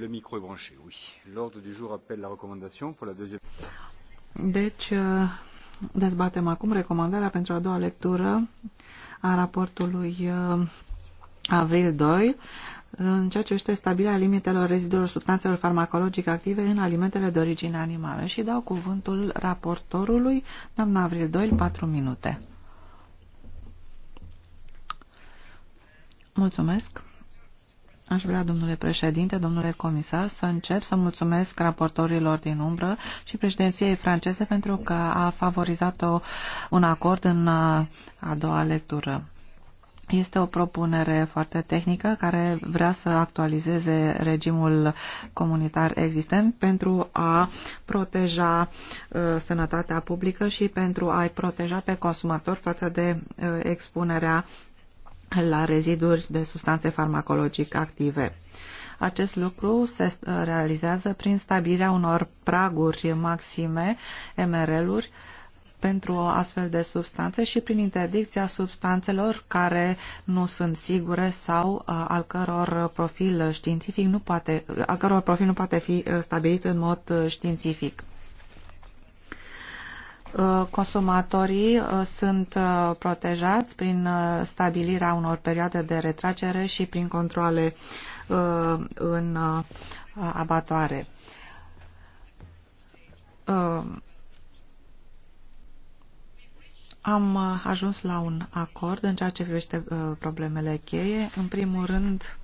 Le micro est branché, oui. L'ordre du jour appelle la recommandation pour la deuxième... Deci, uh, dezbatem acum recomandarea pentru a doua lectură a raportului uh, Avril 2 în ceea ce este stabilirea limitelor rezidurilor substanțelor farmacologice active în alimentele de origine animală și dau cuvântul raportorului, doamna Avril 2, 4 minute. Mulțumesc. Aș vrea, domnule președinte, domnule comisar, să încep să mulțumesc raportorilor din umbră și președinției franceze pentru că a favorizat -o un acord în uh, a doua lectură. Este o propunere foarte tehnică care vrea să actualizeze regimul comunitar existent pentru a proteja uh, sănătatea publică și pentru a-i proteja pe consumator față de uh, expunerea la reziduri de substanțe farmacologic active. Acest lucru se uh, realizează prin stabilirea unor praguri maxime, MRL-uri, pentru astfel de substanțe și prin interdicția substanțelor care nu sunt sigure sau uh, al căror profil științific nu poate, uh, al căror profil nu poate fi stabilit în mod științific. Uh, consumatorii uh, sunt uh, protejați prin stabilirea unor perioade de retragere și prin controle în abatoare am ajuns la un acord în ceea ce privește problemele cheie. În primul rând,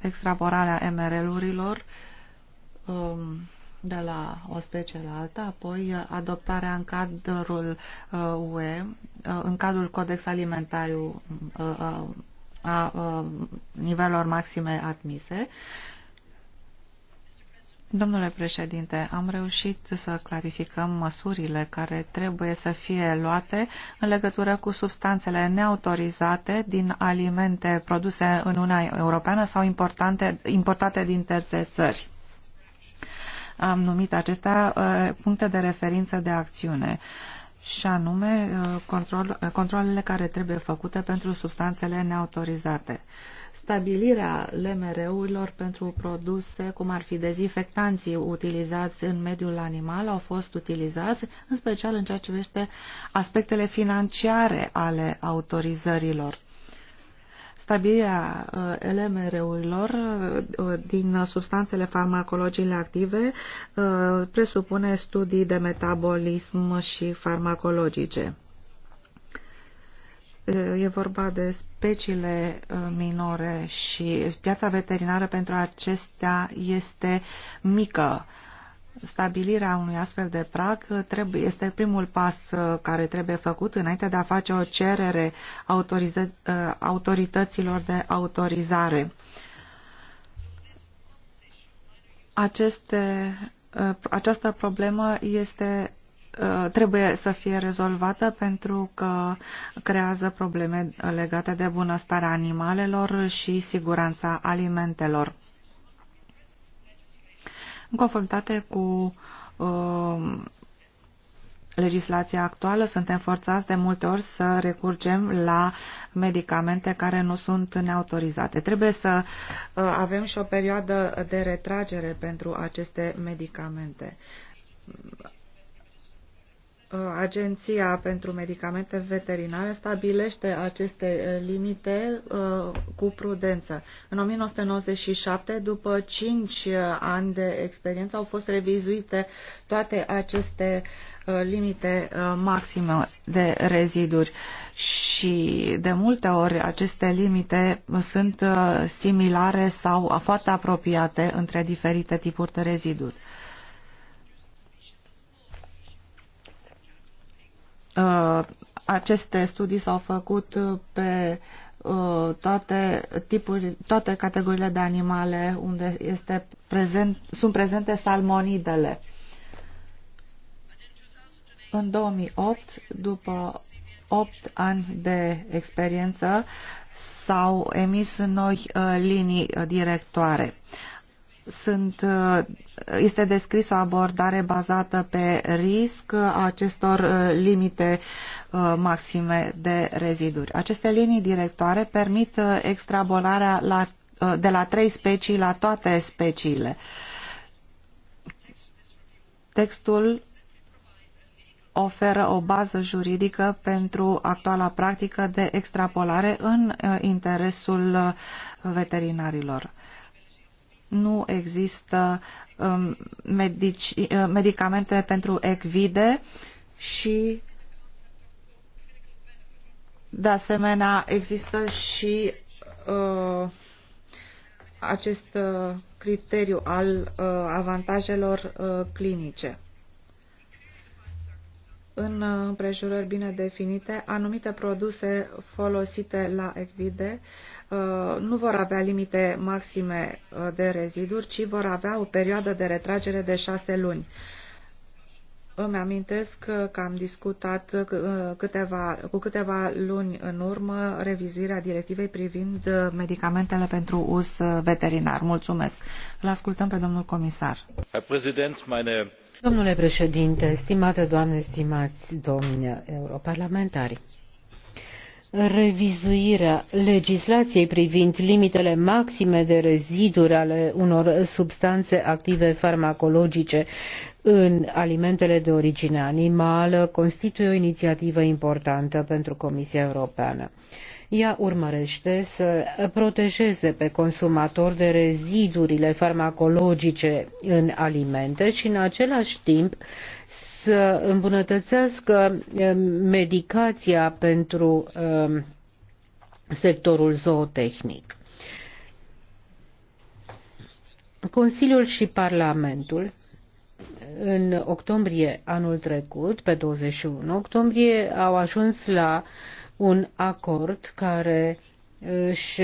extraborarea MRL-urilor, um, de la o specie la alta, apoi uh, adoptarea în cadrul uh, UE, uh, în cadrul Codex Alimentariu a nivelor maxime admise. Domnule președinte, am reușit să clarificăm măsurile care trebuie să fie luate în legătură cu substanțele neautorizate din alimente produse în Uniunea Europeană sau importante, importate din terțe țări am numit acestea uh, puncte de referință de acțiune și anume uh, control, uh, controlele care trebuie făcute pentru substanțele neautorizate. Stabilirea LMR-urilor pentru produse, cum ar fi dezinfectanții utilizați în mediul animal, au fost utilizați, în special în ceea ce privește aspectele financiare ale autorizărilor stabilirea uh, LMR-urilor uh, din substanțele farmacologiile active uh, presupune studii de metabolism și farmacologice. E vorba de speciile minore și piața veterinară pentru acestea este mică Stabilirea unui astfel de prag trebuie, este primul pas uh, care trebuie făcut înainte de a face o cerere uh, autorităților de autorizare. Aceste, uh, această problemă este trebuie să fie rezolvată pentru că creează probleme legate de bunăstarea animalelor și siguranța alimentelor. În conformitate cu uh, legislația actuală, suntem forțați de multe ori să recurgem la medicamente care nu sunt neautorizate. Trebuie să uh, avem și o perioadă de retragere pentru aceste medicamente. Agenția pentru Medicamente Veterinare stabilește aceste eh, limite eh, cu prudență. În 1997, după 5 eh, ani de experiență, au fost revizuite toate aceste limite maxime de reziduri și de multe ori aceste limite sunt similare sau foarte apropiate între diferite tipuri de reziduri. Uh, aceste studii s-au făcut uh, pe uh, toate tipuri, toate categoriile de animale unde este prezent, sunt prezente salmonidele. În 2008, după 8 ani de experiență, s-au emis noi linii directoare sunt, uh, este descris o abordare bazată pe risc a acestor uh, limite uh, maxime de reziduri. Aceste linii directoare permit extrabolarea la, de la trei specii la toate speciile. Textul oferă o bază juridică pentru actuala practică de extrapolare în interesul veterinarilor nu există um, medici, uh, medicamente pentru ecvide și de asemenea există și uh, acest uh, criteriu al uh, avantajelor uh, clinice în împrejurări bine definite, anumite produse folosite la ecvide uh, nu vor avea limite maxime uh, de reziduri, ci vor avea o perioadă de retragere de șase luni. Îmi amintesc că am discutat uh, câteva, cu câteva luni în urmă revizuirea directivei privind medicamentele pentru uz veterinar. Mulțumesc. Îl ascultăm pe domnul comisar. Herr Domnule președinte, stimate doamne, stimați domni europarlamentari, revizuirea legislației privind limitele maxime de reziduri ale unor substanțe active farmacologice în alimentele de origine animală constituie o inițiativă importantă pentru Comisia Europeană. Ea urmărește să protejeze pe consumator de rezidurile farmacologice în alimente și în același timp să îmbunătățească um, medicația pentru um, sectorul zootehnic. Consiliul și Parlamentul în octombrie anul trecut, pe 21 octombrie, au ajuns la un acord care își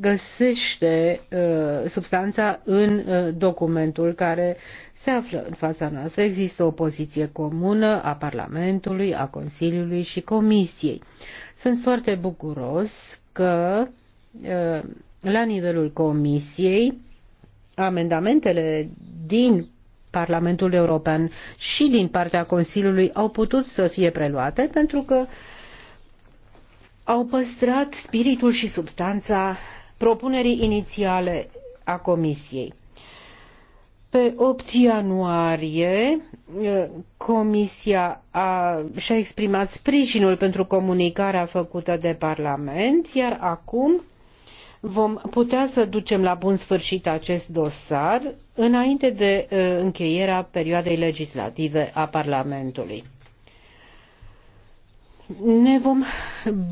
găsește uh, substanța în uh, documentul care se află în fața noastră. Există o poziție comună a Parlamentului, a Consiliului și Comisiei. Sunt foarte bucuros că uh, la nivelul Comisiei amendamentele din Parlamentul European și din partea Consiliului au putut să fie preluate pentru că uh, au păstrat spiritul și substanța propunerii inițiale a Comisiei. Pe 8 ianuarie, eh, Comisia a, și-a exprimat sprijinul pentru comunicarea făcută de Parlament, iar acum vom putea să ducem la bun sfârșit acest dosar înainte de eh, încheierea perioadei legislative a Parlamentului ne vom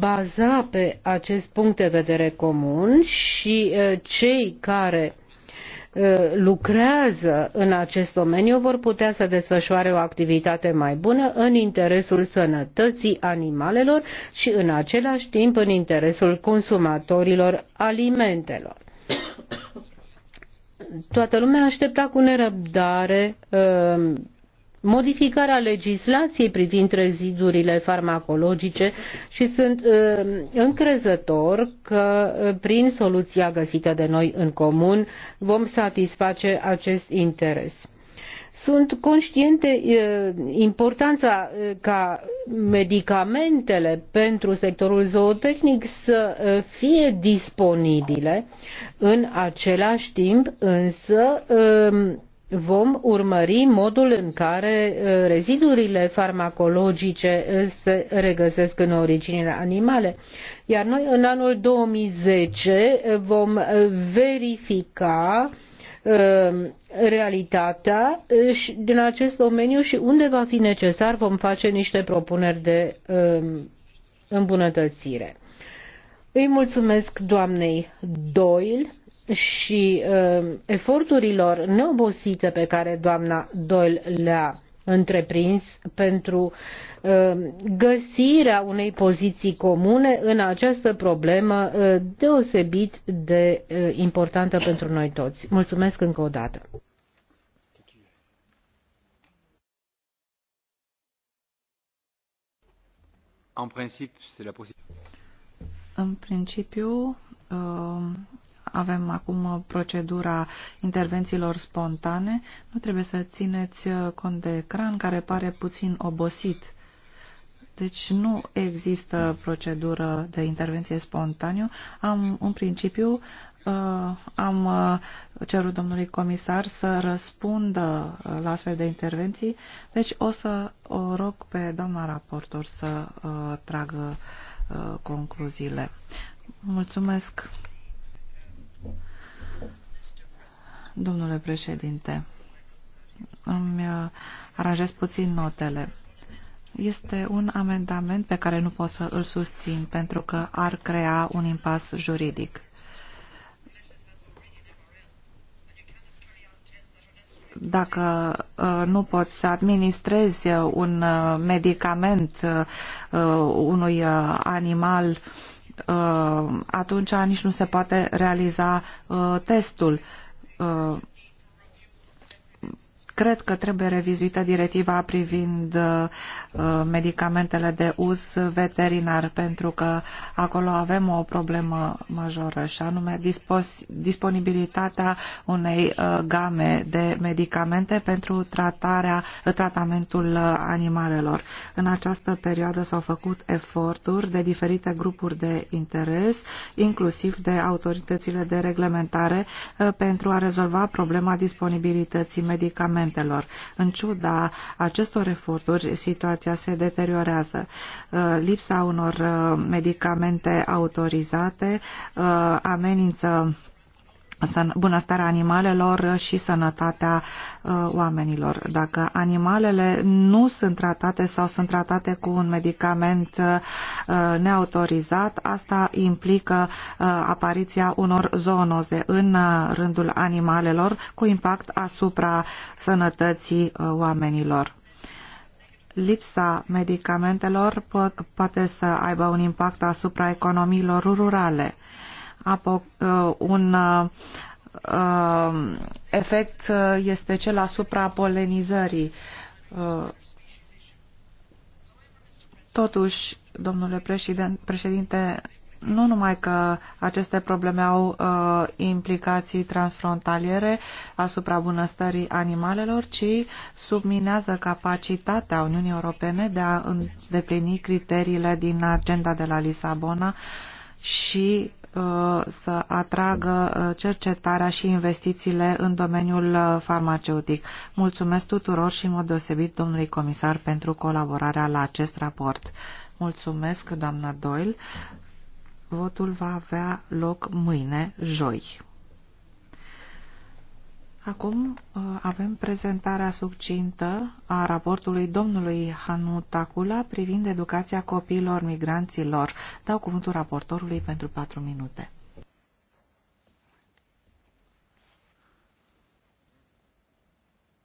baza pe acest punct de vedere comun și uh, cei care uh, lucrează în acest domeniu vor putea să desfășoare o activitate mai bună în interesul sănătății animalelor și în același timp în interesul consumatorilor alimentelor. Toată lumea aștepta cu nerăbdare uh, modificarea legislației privind rezidurile farmacologice și sunt uh, încrezător că uh, prin soluția găsită de noi în comun vom satisface acest interes sunt conștiente uh, importanța ca medicamentele pentru sectorul zootehnic să fie disponibile, în același timp însă um, vom urmări modul în care uh, rezidurile farmacologice uh, se regăsesc în originile animale. Iar noi în anul 2010 vom uh, verifica realitatea din acest domeniu și unde va fi necesar vom face niște propuneri de um, îmbunătățire. Îi mulțumesc doamnei Doyle și uh, eforturilor neobosite pe care doamna Doyle le-a întreprins pentru uh, găsirea unei poziții comune în această problemă uh, deosebit de importantă pentru noi toți. Mulțumesc încă o dată. În principiu, avem acum procedura intervențiilor spontane. Nu trebuie să țineți cont de ecran care pare puțin obosit. Deci nu există procedură de intervenție spontană Am, un principiu, uh, am uh, cerut domnului comisar să răspundă uh, la astfel de intervenții, deci o să o rog pe doamna raportor să tragă concluziile. Mulțumesc! Domnule președinte, îmi uh, aranjez puțin notele. Este un amendament pe care nu pot să îl susțin pentru că ar crea un impas juridic. dacă uh, nu poți să administrezi un uh, medicament unui animal Uh, atunci nici nu se poate realiza uh, testul uh, Cred că trebuie revizuită directiva privind uh, uh, medicamentele de uz veterinar, pentru că acolo avem o problemă majoră, și anume disponibilitatea unei uh, game de medicamente pentru tratarea, tratamentul animalelor. În această perioadă s-au făcut eforturi de diferite grupuri de interes, inclusiv de autoritățile de reglementare, pentru a rezolva problema disponibilității medicamentelor medicamentelor. În ciuda acestor eforturi, situația se deteriorează. Uh, lipsa unor uh, medicamente autorizate uh, amenință bunăstarea animalelor și sănătatea uh, oamenilor. Dacă animalele nu sunt tratate sau sunt tratate cu un medicament uh, neautorizat, asta implică uh, apariția unor zoonoze în rândul animalelor cu impact asupra sănătății oamenilor lipsa medicamentelor poate să aibă un impact asupra economiilor rurale. Uh, un uh, efect uh, este cel asupra polenizării. Totuși, domnule președinte, nu numai că aceste probleme au uh, implicații transfrontaliere asupra bunăstării animalelor, ci subminează capacitatea Uniunii Europene de a îndeplini criteriile din agenda de la Lisabona și Uh, să atragă uh, cercetarea și investițiile în domeniul uh, farmaceutic. Mulțumesc tuturor și în mod deosebit domnului comisar pentru colaborarea la acest raport. Mulțumesc, doamna Doyle. Votul va avea loc mâine, joi. Acum uh, avem prezentarea succintă a raportului domnului Hanu Takula privind educația copiilor migranților. Dau cuvântul raportorului pentru patru minute.